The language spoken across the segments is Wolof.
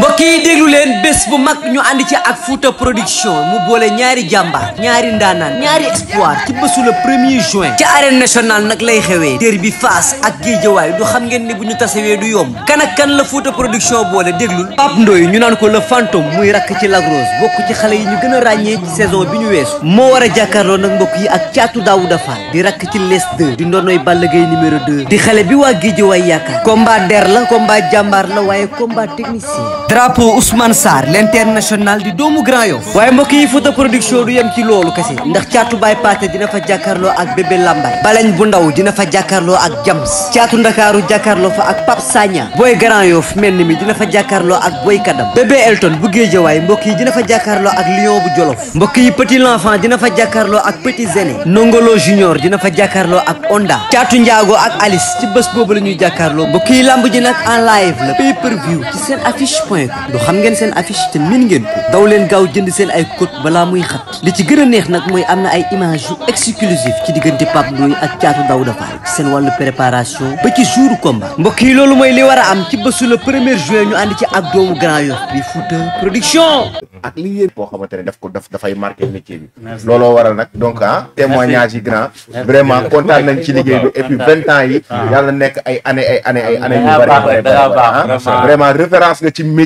mbokk yi déglu leen bés bu mag ñu ànd ci ak Fouta production mu boole ñaari jàmbaar ñaari ndaanaan ñaari espoir ci bésu le premier juin ci arène nationale nag lay xewee dér bi Fass ak Géejawaay du xam ngeen ni bu ñu tasewee du yomb kan kan la Fouta production boole déglul Pape Ndoye ñu naan ko le fantôme muy rakk ci Lac Rose bokk ci xale yi ñu gën a ràññee ci saison bi ñu weesu moo war a jàkkaarloo nag mbokk yi ak caatu Daouda Fall di rakk ci les 2 di ndoonoy Balla Gaye numéro 2 di xale bi waa Géejawaay yaakaar combat der la combat jàmbaar la waaye combat technicien drapeau Ousmane Sarr l'international di doomu Grand Yoff waaye mbokk yi Fouta production du yem ci loolu kese ndax caatu Baye Paté dina fa jàkkaarloo ak bébé Lambaye balañ bu ndaw dina fa jàkkaarloo ak Jams caatu Ndakaaru jàkkaarloo fa ak Pape Sagna booy Grand Yoff mel ni mi dina fa jàkkaarloo ak booy Kadam bébé Elton bu Géejawaay mbokk yi dina fa jàkkaarloo ak Lion bu Jolof mbokk yi Petit l'enfant dina fa jàkkaarloo ak Petit Zéné Nongolo Junior dina fa jàkkaarloo ak Onda caatu Njaago ak Alice ci bés boobu la ñuy jàkkaarloo mbokk yi ji nag en live la point du xam ngeen seen affiche te mën ngeen ko gaaw jënd seen ay code balaa muy xat li ci gën neex nag mooy am na ay image yu ci diggante Pape Ndoye ak Thiatou Daouda Fall seen wàllu préparation ba ci jour combat mbokk yi loolu mooy li war a am ci bésu le premier juin ñu ànd ci ak Grand Yoff bi Fouta production ak li boo xamante ne daf ko daf dafay marqué métier bi looloo waral nag donc ah témoignage yi grand vraiment kontaan nañ ci liggéey bi et vingt ans yi ah. yàlla nekk ay année ay année ay année yu bari vraiment référence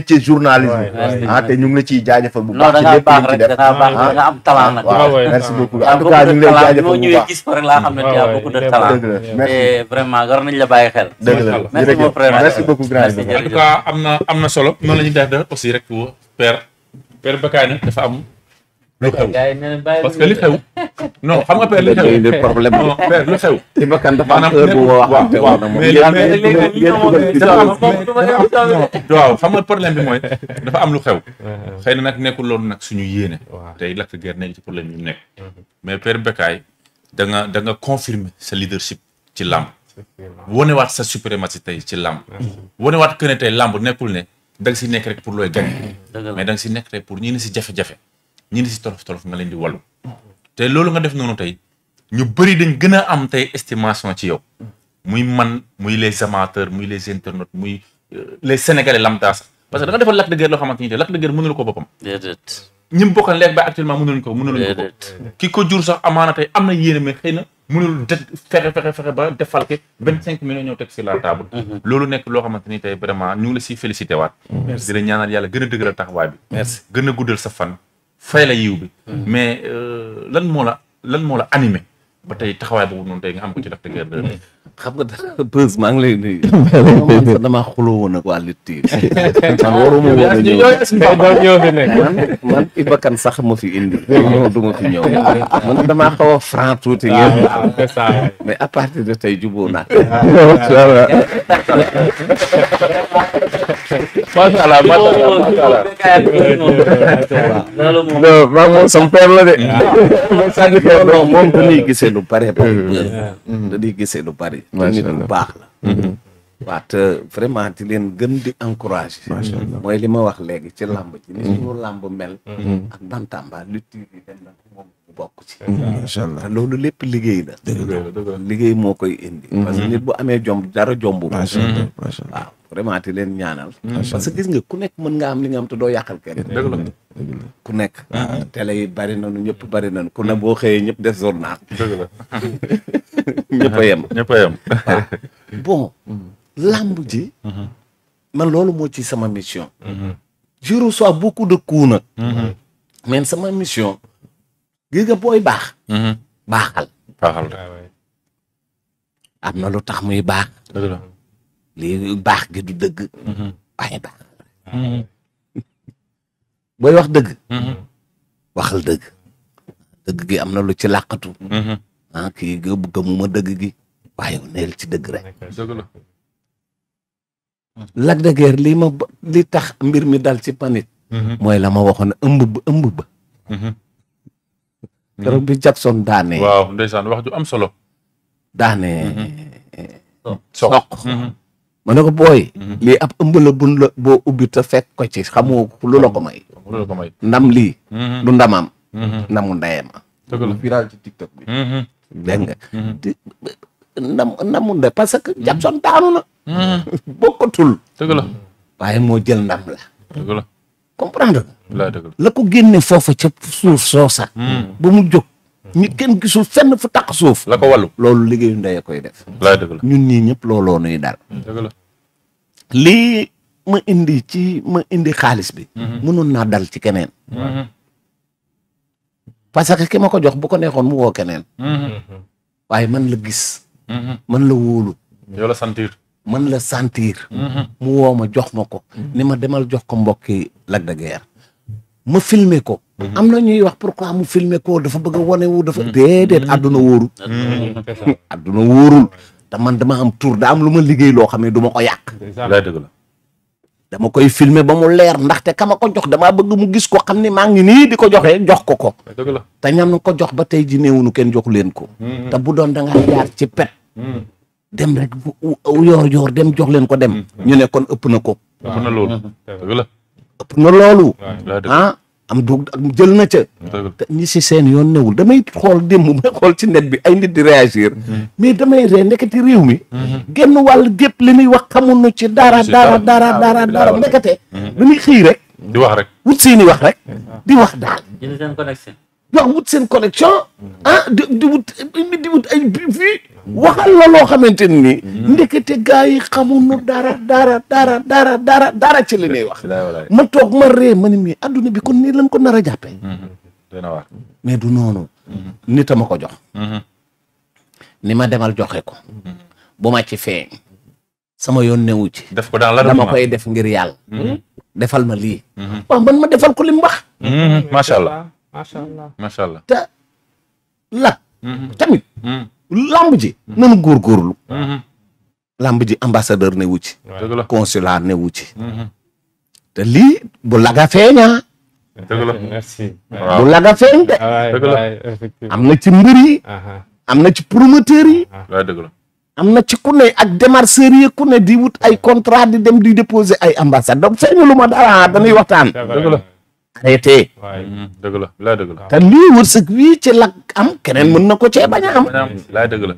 ci journalisme. ah te ñu ngi la ciy jaajëfal bu baax. ci lépp lu ci def nga am talent ah, merci beaucoup en tout cas ñu ngi lay jaajëfal bu baax rek laa xam ne tu beaucoup de talent. merci nañ la bàyyi xel. dëgg la merci beaucoup grand en tout cas am na am na solo noonu la ñuy def aussi rek père père Bakane dafa am. lu xew parce que li xew. non xam nga père li xew da problème non père lu xew. ci bakkan dafa waaw xam nga problème bi mooy dafa am lu xew. xëy na nag nekkul loolu nag suñu yéene. tey Lac de Guiers nekk ci problème yu nekk. mais père Bécaye da nga da nga confirmer sa leadership ci làmb. wonewaat sa suprématie tey ci làmb. wonewaat que ne tey làmb nekkul ne da si nekk rek pour looy gañ mais da nga si nekk rek pour ñi ne si jafe-jafe. ñi ngi si tolof tolof nga leen di wallu te loolu nga def noonu tey ñu bëri dañ gën a am tey estimation ci yow muy man muy les amateurs muy les internautes muy euh, les sénégalais lambda sax parce que da nga defal Lac de Guiers loo xamante ko boppam. déedéet ñi mu bokkal leeg ba actuellement mënuluñ ko mënuluñ ko ki ko jur sax amaana tey am na yéene mais xëy na mënul de fexe fexe fexe ba defalke vingt cinq millions ñëw teg si la table mhm. loolu nekk loo xamante ni tey vraiment ñu ngi la siy félicité waat di ñaanal yàlla gën a dëgëral taxawaay bi gën a guddal sa fan fay la yiw bi. Hmm. mais euh, lan moo la lan moo la animé ba tey taxawaay boobu noonu tey nga am ko te Lac de Guiers 2. xam nga dara bés maa ngi lay nuyu. man sax damaa xuloo woon ak waa Lutte TV. man waruma woon a ñëw man man Ibakan sax ma fi indi. ñëw du ma fi ñëw. man damaa xaw a franc tuuti ah, yéen. mais à partir de tey jubóo naa. Ah, macha allah macha allah maa moom sama père la de. non moom dañuy gisee lu bare. dañuy gisee lu bare. macha allah lu baax la. waaw te vraiment di leen gën di encouragé. macha allah mooy li ma wax léegi ci làmb ci ni suñu làmb mel. ak bantamba lu tuuti yi dem na moom bu bokk ci. macha allah loolu lépp liggéey la. liggéey moo koy indi. parce que nit bu amee jomb dara jombu. macha allah waaw. vraiment te leen ñaanal. Mm-hmm. parce que gis nga ku nekk mën nga am li nga am te doo yàqal kenn. dëgg la ku nekk. Mm-hmm. yi bari nañu ñëpp bari nañu ku ne boo xëyee ñëpp def journal. dëgg la ñëpp a yem. bon. làmb ji. Mm-hmm. man loolu moo ci sama mission. je so beaucoup de coups nag. mais sama mission. gis nga booy baax. baaxal. Ah, am na lu tax mu baax. lii baax gi du dëgg mm-hmm. waaye baax mm-hmm. wax dëgg mm-hmm. waxal dëgg dëgg gi am na lu ci làqatu ah kii gëmuma dëgg gi waaye neel ci dëgg rek Lac de Guiers li tax mbir mi dal ci panit mooy la ma waxoon ëmb ba ëmb bi Jackson daane waaw ndeysaan wax ju am solo ma ne ko booy. Mhm. lii ab ëmb la bun la boo ubbi te fekk ko ci xamoo ko lu ndam lii. Mhm. du ndamam. Mhm. ndam ndamu ndey parce que Jackson daanu na. bokkatul. dëgg moo jël ndam la. dëgg la comprendre la ko foofu ca suuf soosa. ba ñi kenn gisul fenn fu taq soof la ko wàllu loolu liggéeyu ndey a koy def. ñun ñii ñëpp looloo nuy daal. Mm. lii ma indi ci ma indi xaalis bi. mënoon mm-hmm. naa dal ci keneen. Mm-hmm. parce que ki ma ko jox bu ko neexoon mu woo keneen. Mm-hmm. waaye man la gis. man la wóolu. yow la sentir. man la sentir. mu woo ma jox ma ko. ni ma demal jox ko mbokki Lac de Guiers. ma filmer ko. Mhm. am na ñuy wax pourquoi mu filmer ko dafa bëgg a wane wu dafa mhm. déedéet mhm. àdduna wóorul àdduna wóorul ta man dama am tour da am lu ma liggéey loo xam ne du ma ko yàq dëgg la dama koy filmer ba mu leer ndaxte kama ko jox dama bëgg mu gis ko xam ne maa ngi nii di ko joxee jox ko ko te ñam ko jox ba tey ji néewunu kenn joxu leen ko te bu doon da nga jaar ci dem rek yoor yoor dem jox leen ko dem ñu ne kon ëpp na ko ëpp na loolu ah mu dugg ak jël na ca. ñi si seen yoon newul damay xool démb may xool ci net bi ay nit di réagir. Mm-hmm. mais damay ree nekkati réew mi. Mm-hmm. genn wàll gépp li muy wax xamuñu ci dara dara dara dara ah, dara nekkate. Mm-hmm. dañuy xëy rek. di wax rek wut seeni wax rek. di wax daal. jënd wax wut seen connexion ah di di wut di wut ay vues waxal la loo xamante ni ndekete gars yi xamuñu dara dara dara dara dara dara ci wax ma toog ma ree ma ni bi kon nii lañ ko nara a jàppee mm-hmm. du noonu mm-hmm. nit a ma ko jox mm-hmm. ni ma demal joxe ko bu ma ci sama yoon newu ci def ko daal la dama koy def ngir yàlla defal ma lii waaw man ma defal ko li macha allah macha allah te la. Mhm. tamit. Mhm. lamb ji. Mhm. nanu góorgóorlu. lamb ji ambassadeur ne wu te lii bu laga feeñaa. bu laga feeñ de. Ah dëgg na ci mbir yi. Ah ah. na ci promoteur yi. waaw dëgg la. ci ku ne ak démarcheur yi di wut ay contrat di dem di déposer ay ambassade donc feeñu lu ma dara arrêté. waay dëgg la laa dëgg la. te lii wërsëg wii ci làkk am keneen mën na ko cee bañ am. laa dëgg la.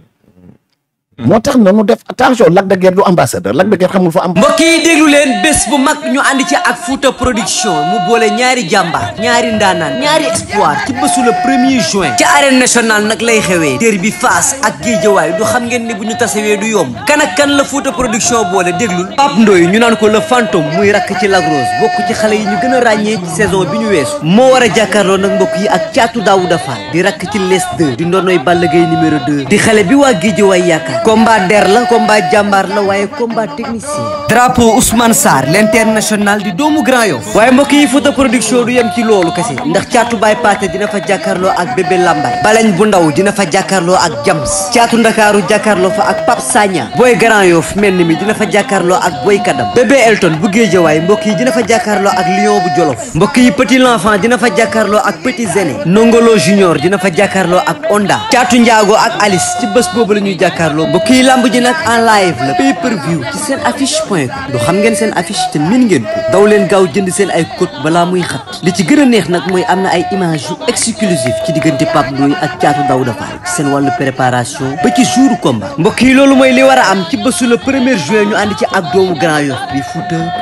moo tax na nu def attention Lac de Guiers du ambassadeur Lac de Guiers xamul fa am. mbokk yi déglu leen bés bu mag ñu ànd ci ak Fouta production mu boole ñaari jàmbaar ñaari ndaanaan ñaari espoir ci bésu le premier juin. ci arène national nag lay xewee. derby Fass ak Guédiawaye du xam ngeen ni bu ñu tasewee du yomb. kan kan la Fouta production boole déglul Pape Ndoye ñu naan ko le fantôme muy rakk ci Lac Rose bokk ci xale yi ñu gën a ràññee ci saison bi ñu weesu. moo war a jàkkaarloo nag mbokk yi ak caatu Daouda Fall di rakk ci les 2 di ndonoy Balla Gaye numéro 2 di xale bi waa Guédiawaye yaakaar combat der la combat jàmbaar la waaye combat technicien. drapeau Ousmane Sarr l'international di doomu Grand Yoff. waaye mbokk yi Fouta production du yem ci loolu kese. ndax caatu baay paate dina fa jàkkaarloo ak bébé Lambaye. balañ bu ndaw dina fa jàkkaarloo ak Jams. caatu ndakaaru jàkkaarloo fa ak Pape Sagna. booy Grand Yoff mel ni mi dina fa jàkkaarloo ak booy Kadam. bébé Elton bu Géejawaay mbokk yi dina fa jàkkaarloo ak Lion bu Jolof. mbokk yi Petit l'enfant dina fa jàkkaarloo ak Petit Zéné. Nongolo junior dina fa jàkkaarloo ak Onda. caatu Ndiago ak Alice ci bés la ñuy jàkkaarloo mbokk yi lamb ji nag en live la pay view ci seen affiche point com xam ngeen seen affiche te min ngeen ko leen gaaw jënd seen ay code balaa muy xat li ci gën a neex nag mooy am na ay image yu exclusive ci diggante Pape Ndoye ak Thiatou Daouda Fall ci seen wàllu préparation ba ci jour combat mbokk yi loolu mooy li war am ci bésu le premier juin ñu ànd ci ak doomu Grand Yoff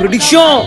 bi